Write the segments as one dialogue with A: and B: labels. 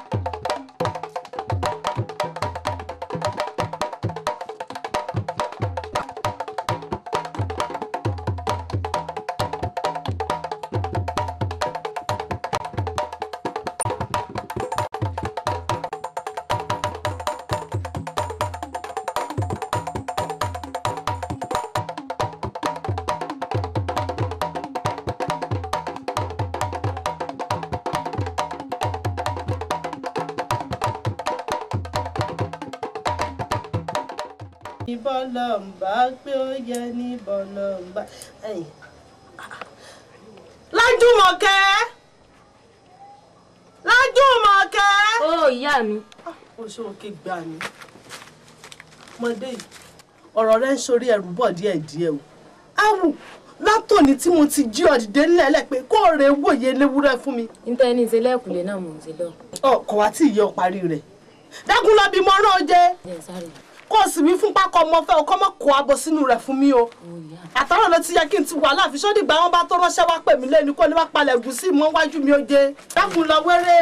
A: you bọ́lọ́mbà pé ó yẹ ní bọ́lọ́mbà. lájúmọ̀kẹ́ lájúmọ̀kẹ́. ó ìyá mi. Ah, ó ṣe òkè gbà ní. ọmọdé yìí ọ̀rọ̀ rẹ ń sorí ẹrù bọ̀ díẹ̀díẹ̀ o. áwù látòní tí mo ti jí ọ̀dìdé lẹ́lẹ̀ pé kó o rè wòye léwúrẹ́ fún mi. níta ẹni ṣe lẹ́kùnlé náà mò ń ṣe lọ. ọkọ̀ wa tí ìyẹ́ ọ parí rẹ̀ dákun lọ bí mo rán ọ jẹ. ẹ sáré kó o sì wí fún pákọ ọmọ fẹ́ o kọ́ mọ̀ kó abo sínú rẹ̀ fún mi o àtàrà ló ti yẹ kí n ti wà láàfin ṣó dìgbà wọn bá tó ránṣẹ́ wá pè mí lẹ́nu kó ní wá palẹ̀ ẹ̀gúsí mọ́ wájú mi ó jẹ dákun lọ wéré.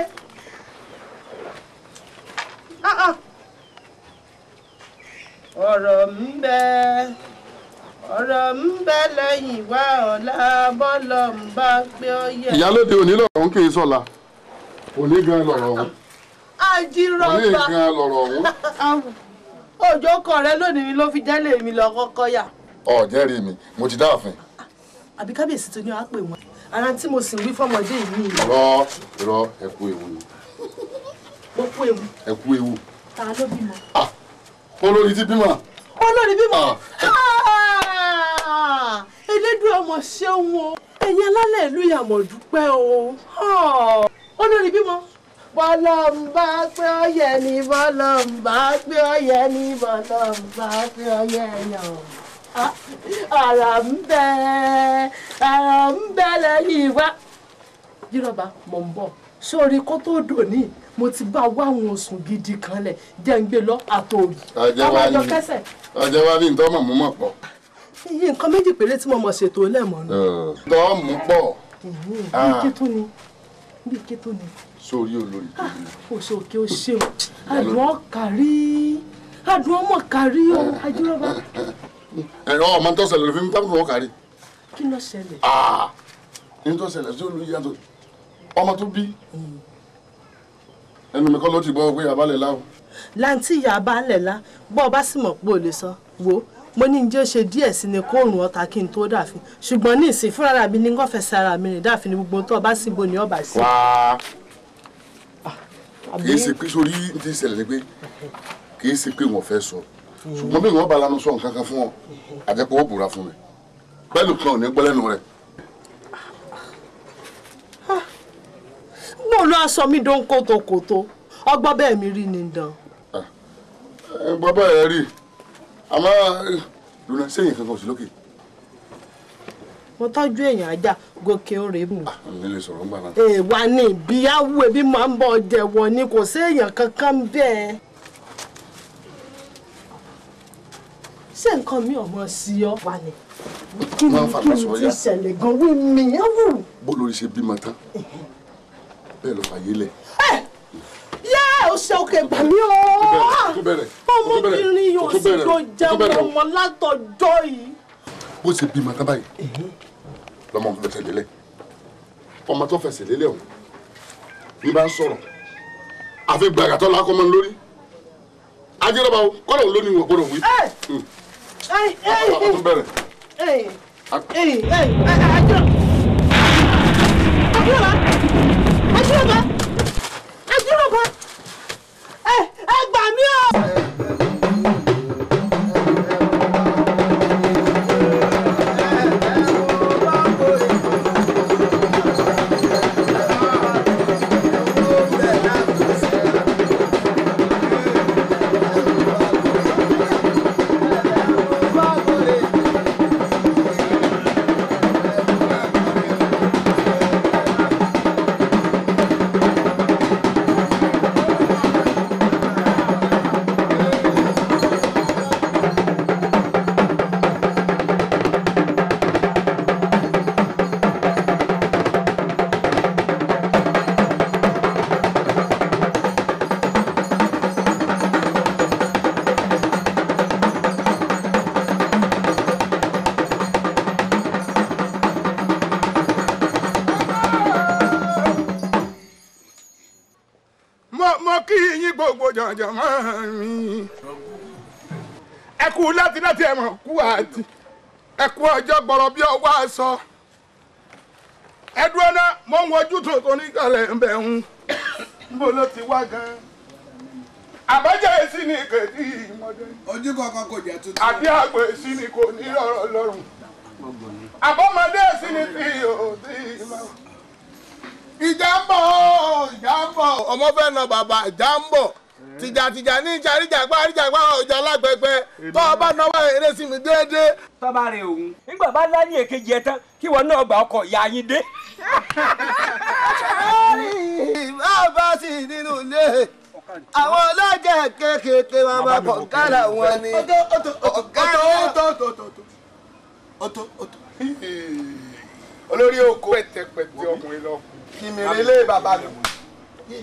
A: ọ̀rọ̀ ń bẹ ọ̀rọ̀ ń bẹ lẹ́yìn wá ọ̀la bọ́lọ̀ ń bá gbé ọyẹ. ìyálóde òní
B: lọ́rọ̀ ń kì í sọ̀la òní gan lọ́rọ̀ ọ̀hún.
A: òní gan lọ́rọ̀ ọ̀hún òjò ọkọ rẹ lónìí ló fi jẹ́lẹ̀ mi lọ kọ́kọ́ yà.
B: ọ jẹ́rìí mi mo ti dáàfin.
A: àbí kábíyèsí to ní wàá pè wọn ara tí mo sì ń wí fọmọdé yìí. irọ́
B: irọ́ ẹ kú ewu ni. mo kú ewu. ẹ kú ewu. ta ló bímọ. olórí ti bímọ. olórí bímọ.
C: Ah!
A: elédùn ọmọ ṣeun o ẹ̀yin alálẹ̀ ìlú yàmọ̀ dúpẹ́ o ah! olórí bímọ bọ́lọ́mbà pé ọyẹ ni bọ́lọ́mbà pé ọyẹ ni bọ́lọ́mbà pé ọyẹ yàn ah, ara ń bẹ ara ń bẹ lẹ́yìn wá. yírọ̀bà mọ̀ ń bọ̀ sórí kó tó dòní mo ti bá wá àwọn oṣù gidi kan lẹ̀ jẹ́ ń gbé lọ
B: àtòrí. ọjọ́ wa ni ọjọ́ wa ni ntọ́ mọ̀ mọ̀ pọ̀.
A: iye nǹkan méjì péré tí mo mọ̀ ṣètò lẹ́mọ̀
B: tọ́ mú pọ̀. bí kí
A: tó ni bí kí tó ni
B: sórí olórí tó ní.
A: òṣòkè ó ṣeun àdùn ọkàrí àdùn ọmọ kàrí o ajúrọba.
B: ẹ̀rọ ọmọ tó ṣẹlẹ̀ ló fi ń bá wọn kàrí. kí ló ṣẹlẹ̀. Ah, ní tó ṣẹlẹ̀ sí olórí yàtọ̀ ọmọ tó bí hmm. ẹnu mi kọ́ ló ti gbọ́ pé abalẹ̀ láwọ. láǹtí ìyá abalẹ̀
A: lá bọ́ ọ bá sì mọ̀ pé o lè sọ wò ó mo ní njẹ́ ṣe díẹ̀ sí ni kó òrùn ọ̀tá kí n tó dàfin ṣùgbọ́n ní ìsìn fúnra mi ní kọ́fẹ̀sẹ̀ ara mi rìn dàfin ní gbogbo tó o bá sì bo ni ọba sí. wàá kì í ṣe
B: pé sórí ní ti ṣẹlẹ̀ ni pé kì í ṣe pé wọ́n fẹ́ sọ ṣùgbọ́n bí wọ́n bá lanu sọ nǹkan kan fún ọ àjẹpọ̀ ó bùra fún mi pẹ́lú kan ò ní gbẹ́lẹ́nu rẹ̀.
A: mo lọ aṣọ mi dán kótókótó ọgbọ́n bẹ́ẹ̀ mi rí ni dán. Ah,
B: ẹ gbọ́ bẹ́ẹ̀ rí àmọ́ eh, lùnà sẹ́yìn kankan sí lókè
A: wọn tọ́jú èèyàn ajá gòkè ó rèé mu. Ah,
B: mi lè sọ̀rọ̀ nbàlá.
A: èèwà eh, ni ìbíyàwó ẹbí máa ń bọ̀ jẹ̀wọ̀ ni kò sí èèyàn kankan bẹ́ẹ̀. ṣé nǹkan mi ò mọ sí ọ wà ní. kí ni kí ni ti ṣẹlẹ̀ gan wí mi yẹn wù.
B: bó lórí ṣe bímọ tán bẹ́ẹ̀ ló fàyè lẹ̀. Eh!
A: yẹ́ o ṣe òkè gbà mí o.
B: ọmọbìnrin yóò ṣe tó jẹ́ ọmọ
A: látọjọ́ yìí.
B: bó ṣe bímọ tán báyìí eh, lọ́mọ fẹsẹ̀ lélẹ̀ ọmọ tó fẹsẹ̀ lélẹ̀ ọ̀hún ń bá ń àfi gbàgàtọ́ la kọ́ lórí ajẹ́rọ̀bà o kọ́lọ̀ lónìí wọ̀ gbọ́dọ̀ wí. bàbá
D: ọjọ́ lati mi. ẹ kú láti láti ẹ kú àti ẹ kú ọjọ́ gbọ̀rọ̀ bí ọwọ́ aṣọ. ẹ dúró náà ti wá gan àbájá èsì ni kèdí ìmọ̀dé. ojú kankan kò jẹ́ tuntun. àbí àgbò èsì ni kò ní rọrọ lọ́rùn. àbọ̀mọdé èsì ni tìjàtìjà ní ìjàríjàgbá àríjàgbá ọjà lágbègbè tó o bá náwó eré sí mi déédéé. tọ́ba rẹ̀ òun. nígbà bá láyé èkejì ẹ tán kí wọn náà gba ọkọ̀ ìyá yín dé. bàbá sì nínú ilé àwọn ọlọ́jà kéékèèké máa ma kọ̀ gára wọn ni. ọ̀gára ọ̀tọ̀ olórí oko pẹ̀tẹ̀pẹ̀tẹ̀ ọkùnrin lọ kìmìrì ilé bàbá mi.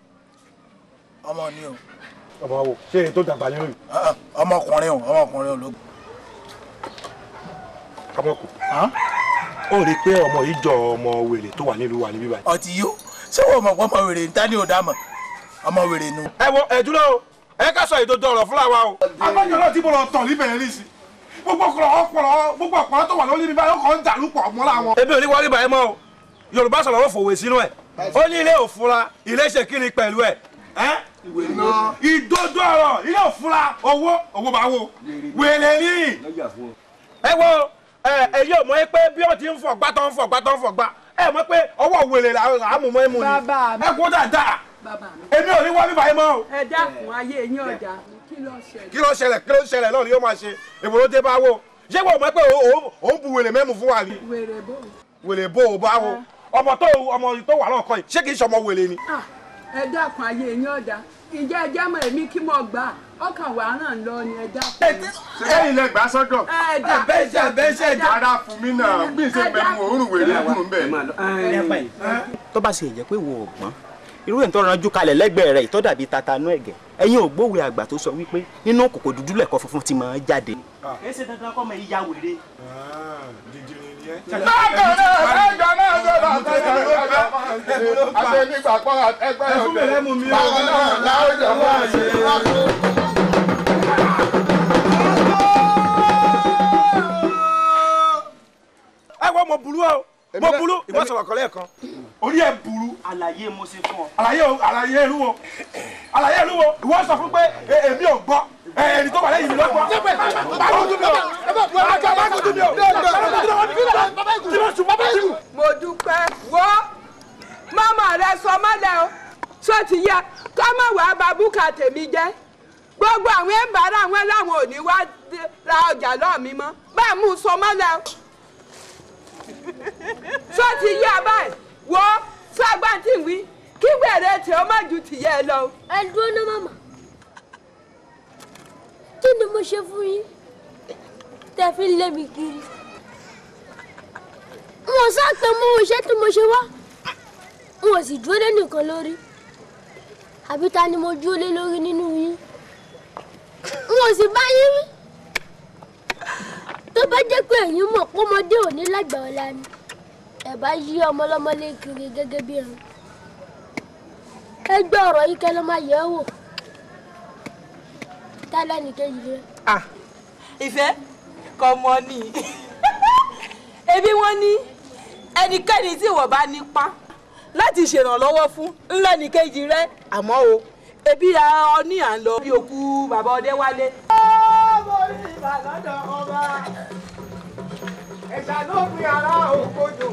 D: ọmọ ni o. ọmọ wo ṣé èyí tó dàgbà yín rí. Ah, ah, ọmọkùnrin o ọmọkùnrin o ló. ọmọkù ó rí i pé ọmọ yìí jọ ọmọ wèrè tó wà nílùú wa níbí báyìí. ọtí yó ṣé wọn mọ̀ pé ọmọ wèrè níta ni ò dá mọ̀ ọmọ wèrè nu. ẹ wo ẹ dúró o ẹ ká sọ ètò dọ̀rọ̀ fúnra wa o. abájọ náà ti bọ̀ lọ tàn níbẹ̀rẹ̀ nísì gbogbo ọpọlọ ọpọlọ gbogbo ọpọlọ tó wà lórí mi báyìí ó kàn ń dàrú pọ̀ mọ́ra wọn. ebi ò ní wọlé báyìí mọ́ o yorùbá sọ̀rọ̀ ó fòwe sínú ẹ̀ ó ní ilé òfura ilé ṣèkiri pẹ̀lú ẹ̀ ìdodo ọ̀rọ̀ ilé òfura owó owó bá wò wèrè ní. ẹ wo èyí ò mọ̀ ẹ pé bí wọ́n ti ń fọ̀ gbá tó ń fọ̀ gbá tó ń fọ̀ gbá ẹ mọ̀ pé ọwọ́ wèrè làwọn àmúmọ́ ẹ mú
A: ni
D: ẹ kó dáadáa èmi ò ní wọ́n bíbá yín mọ́ o. ẹ dákun ayé yín
A: ọ̀dà kí ló ṣẹlẹ̀ kí
D: ló ṣẹlẹ̀ kí ló ṣẹlẹ̀ náà ni yóò máa ṣe èwo ló dé bá wò ṣé wọ́n mọ̀ pé òun bu wèrè mẹ́mu fún wa ni. wèrè bò wèrè bò báwo ah. ọmọ tó ọmọ tó wà lọ́kọ̀ yìí ṣé kì
A: í ṣọmọ wèrè ni. ah ẹ dákun ayé yín ọ̀dà ìjẹ́ ẹjẹ́ mọ̀ èmi kí mo gbà ọkàn wà lọ ni ẹ dákun.
D: sẹ́yìn lẹ gbà sọ́dọ̀ abẹ́ṣẹ́ abẹ́ṣẹ́ dára fún mi náà gbèsè pẹ̀lú òórùn wèrè kùn bẹ́ẹ̀.
A: tó bá ṣe ìjẹ́ pé wo ọ̀gbọ́n irú ẹ̀ ń tọ́ra ju kalẹ̀ lẹ́gbẹ̀ẹ́ rẹ̀ ìtọ́ dàbí tatanú ẹ̀gẹ́ ẹ̀yin ò gbóòwe àgbà tó sọ wípé nínú kòkò dúdú lẹ̀kọ́ funfun ti máa jáde. ẹ ṣe dandan kọ́ mọ ìyá wèrè.
D: ẹ wọ́n mo bulú ọ mo bulú ìbọn sọ̀rọ̀ kọ́lẹ́ kan orí ẹ burú.
A: àlàyé mo ṣe fún ọ.
D: àlàyé àlàyé irú wo àlàyé irú wo ìwọ sọ fún pé e, èmi ò gbọ́ ẹni tó wà lẹ́yìn mi ló gbọ́. báwo ni o àgbà báwo ni o tí mo sùn bàbá ìlú.
A: mo dúpẹ́ wo mọ́mọ́ rẹ sọ mọ́lẹ̀ o sọ ti yẹ kọ́ mọ̀ wá bá búkà tèmi jẹ́ gbogbo àwọn ẹ̀ńbàrà àwọn ẹlẹ́wọ̀n ò ní wá ra ọjà lọ́ọ̀ mi mọ́ bá a mú sọ mọ́lẹ̀ o sọ ti yẹ báyìí wo sọ agbáǹtì wí
C: kí wèrè tí ó má ju tìyẹ lọ. ẹ dúró ná màmá kí ni mo ṣe fún yín tẹ fi lé mi kiri n ò pé mo iṣẹ́ tí mo ṣe wá n sì dúró lé nìkan lórí àbí ta ni mo dúró lé lórí nínú yín n sì bá yín tó bá jẹ́ pé ẹ̀yin mọ̀ pọ́mọdé ò lágbàá ọ̀la ni ẹ bá yí ọmọ ọlọ́mọ lé kiri gẹ́gẹ́ bí ẹran ẹ gbọ́ ọ̀rọ̀ yìí kẹ́lọ́ máa yẹ̀ wò tálẹ́ nìkejì rẹ.
A: ìfẹ́ kọ́ mọ́ ni ebi wọ́n ní ẹnikẹ́ni tí ìwọ bá nípa láti ṣèrànlọ́wọ́ fún ńlẹ́ nìkejì rẹ àmọ́ o ebi ra ọ ní à ń lọ bí òkú bàbá ọdẹ wálé. ọmọ orí ìbàdàn ọba ẹ̀ṣà ló fi ara òkòdò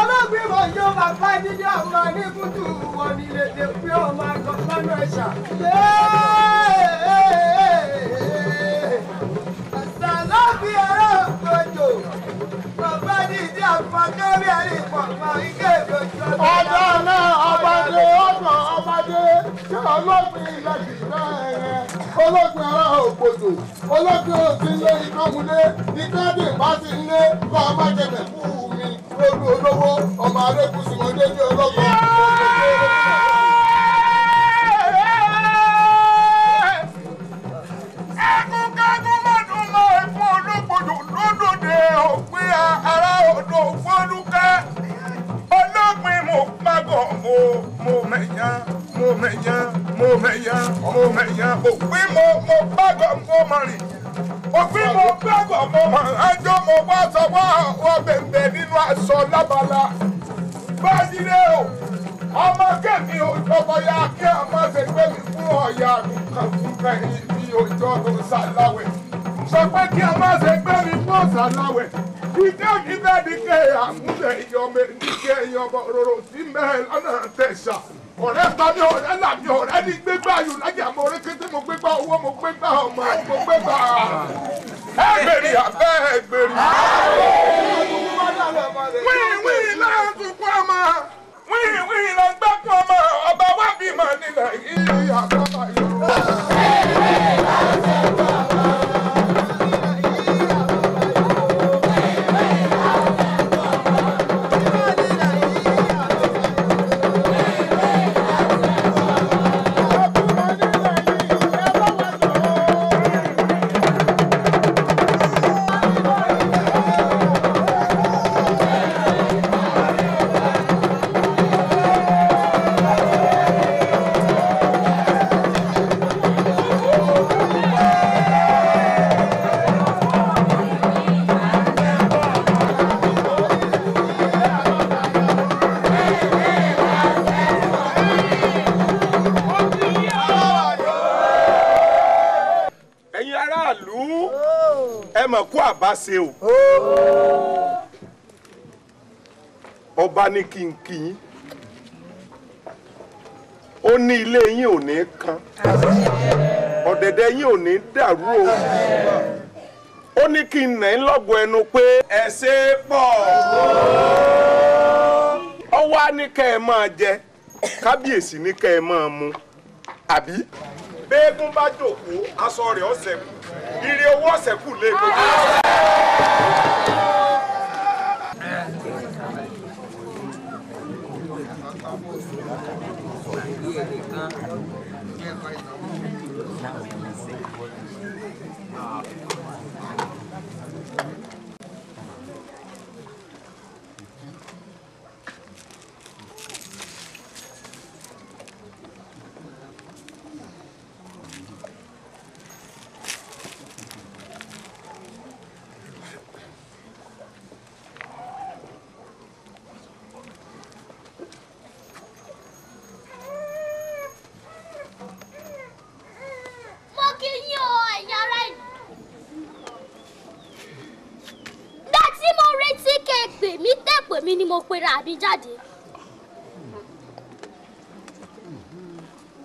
A: olóògbé mọ̀ yóò máa bá dídí àwọn anígúndù wọn ni lè dé pé ó máa lọ lọ́nà ẹ̀ṣà.
D: àṣàlọ́ fi ẹ̀rọ ògbójò bàbá dídí àwọn akẹ́rẹ́ ẹ̀rí pọ̀pọ̀ ike ìgbòjò. ọ̀dọ́ náà ọmọdé ọ̀dọ́ ọmọdé ṣé olóògbé ilẹ̀ kìí náà ẹ̀rẹ́ olóògbé ara ògbòdò olóògbé òsínlé ìkọ́múlé ìtẹ́bí bá ti ń lé kọ́ ọmọ jẹ̀bẹ̀ fún mi ológun olówó ọmọ arẹ́kùsùn ọdẹ́jú ọlọ́gbọ̀n. ẹ̀kúnkẹ́kún mọ̀dún mọ́ ẹ̀kún olóògbòdò lódòdè òpin ara odò fọ́lùkẹ́ olóògbìn mo pàgọ́ mo mo mẹ̀yán mo mẹ̀yán mo mẹ̀yán mo mẹ̀yán òpin mo mo pàgọ́ òfin mo gbàgbọ́ mo mọ̀ ẹjọ́ mo wá sọ́wọ́ àwọn bèbè nínú aṣọ lábala báyìí o ọmọ kẹ́mi ò jọba ya kí ọmọ ṣe pé mi fún ọ̀yà mi kan fún kẹ́yìn bí òjò tó ṣàláwẹ̀ sọ pé kí ọmọ ṣe pé mi fún ọ̀ṣàláwẹ̀ ìdí òní bẹ́ẹ̀ ni kẹ́yà ń lẹ̀ yọmọ ní kẹ́yà ọmọ rorò sí mẹ́ẹ̀ lọ́nà tẹ̀sà ọ̀rẹ́ gbá mi ọ̀rẹ́ là mi ọ̀rẹ́ ní gbégbá ayò lájà mo rí kété mo gbégbá owó mo gbégbá ọmọ mo gbégbá ẹgbẹ̀rì abẹ́ ẹgbẹ̀rì. wíì wíì là ń sunkún ọmọ wíì wíì là ń gbẹ́kún ọmọ ọba wà bímọ nílẹ̀ yìí àbábáyọ. ẹ mà kó àbá ṣe o ọba ní kí ó ní ilé yín ò ní kan ọ̀dẹ̀dẹ̀ yín ò ní dàrú o ó ní kí n nà ń lọ́gọ̀ ẹnu pé ẹ pọ̀ ọwọ́ á ní kẹ́ ẹ máa jẹ kábíyèsí ní kẹ́ ẹ máa mu àbí. béégún bá jòkó aṣọ rẹ̀ ọ̀sẹ̀ kù ire owó ọ̀sẹ̀ kù lé Thank you.
C: ni mo pera àbí jáde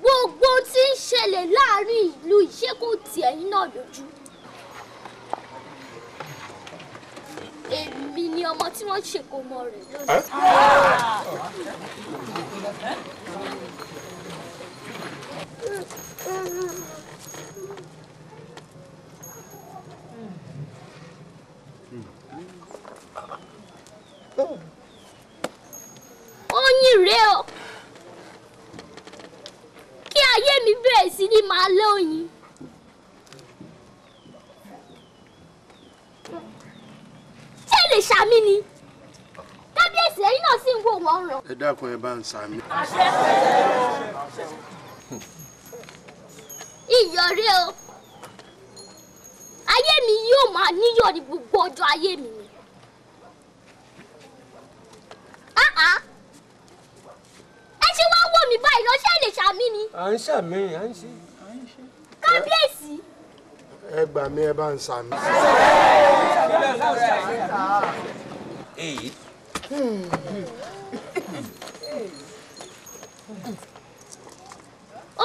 C: gbogbo tí ń ṣẹlẹ̀ láàrin ìlú ìṣe kò tì ẹ̀yìn náà lójú èmi ni ọmọ tí wọ́n ṣèkó mọ rẹ̀ lónìí. ìyá mi ni kábíyèsí ẹ̀yin náà sì ń wò wọ́n ràn.
D: ẹ dákun ẹ bá ń sàmì.
C: ìyọrí o ayé mi yóò máa níyọ̀ ní gbogbo ọjọ́ ayé mi ni. ẹ ṣe wá wò mí báyìí lọ ṣe lè ṣàmì ni. à ń
D: ṣàmì à ń ṣe.
C: kábíyèsí
D: ẹ gbà mí ẹ bá ń sàmì. èyí.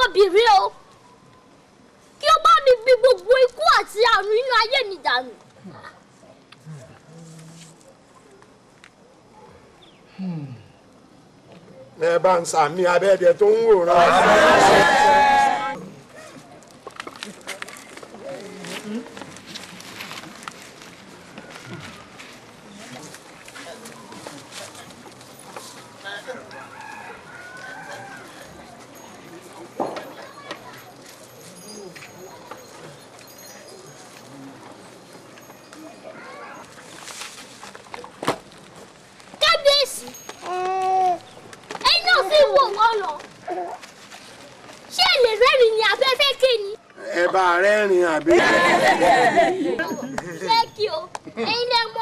C: obìnrin o kí o bá mi gbi gbogbo ikú àti àrùn inú ayé mi dànù.
D: ẹ bá ń sàmì abẹ́ẹ̀dẹ tó ń wòran. Thank
C: you. Ain't that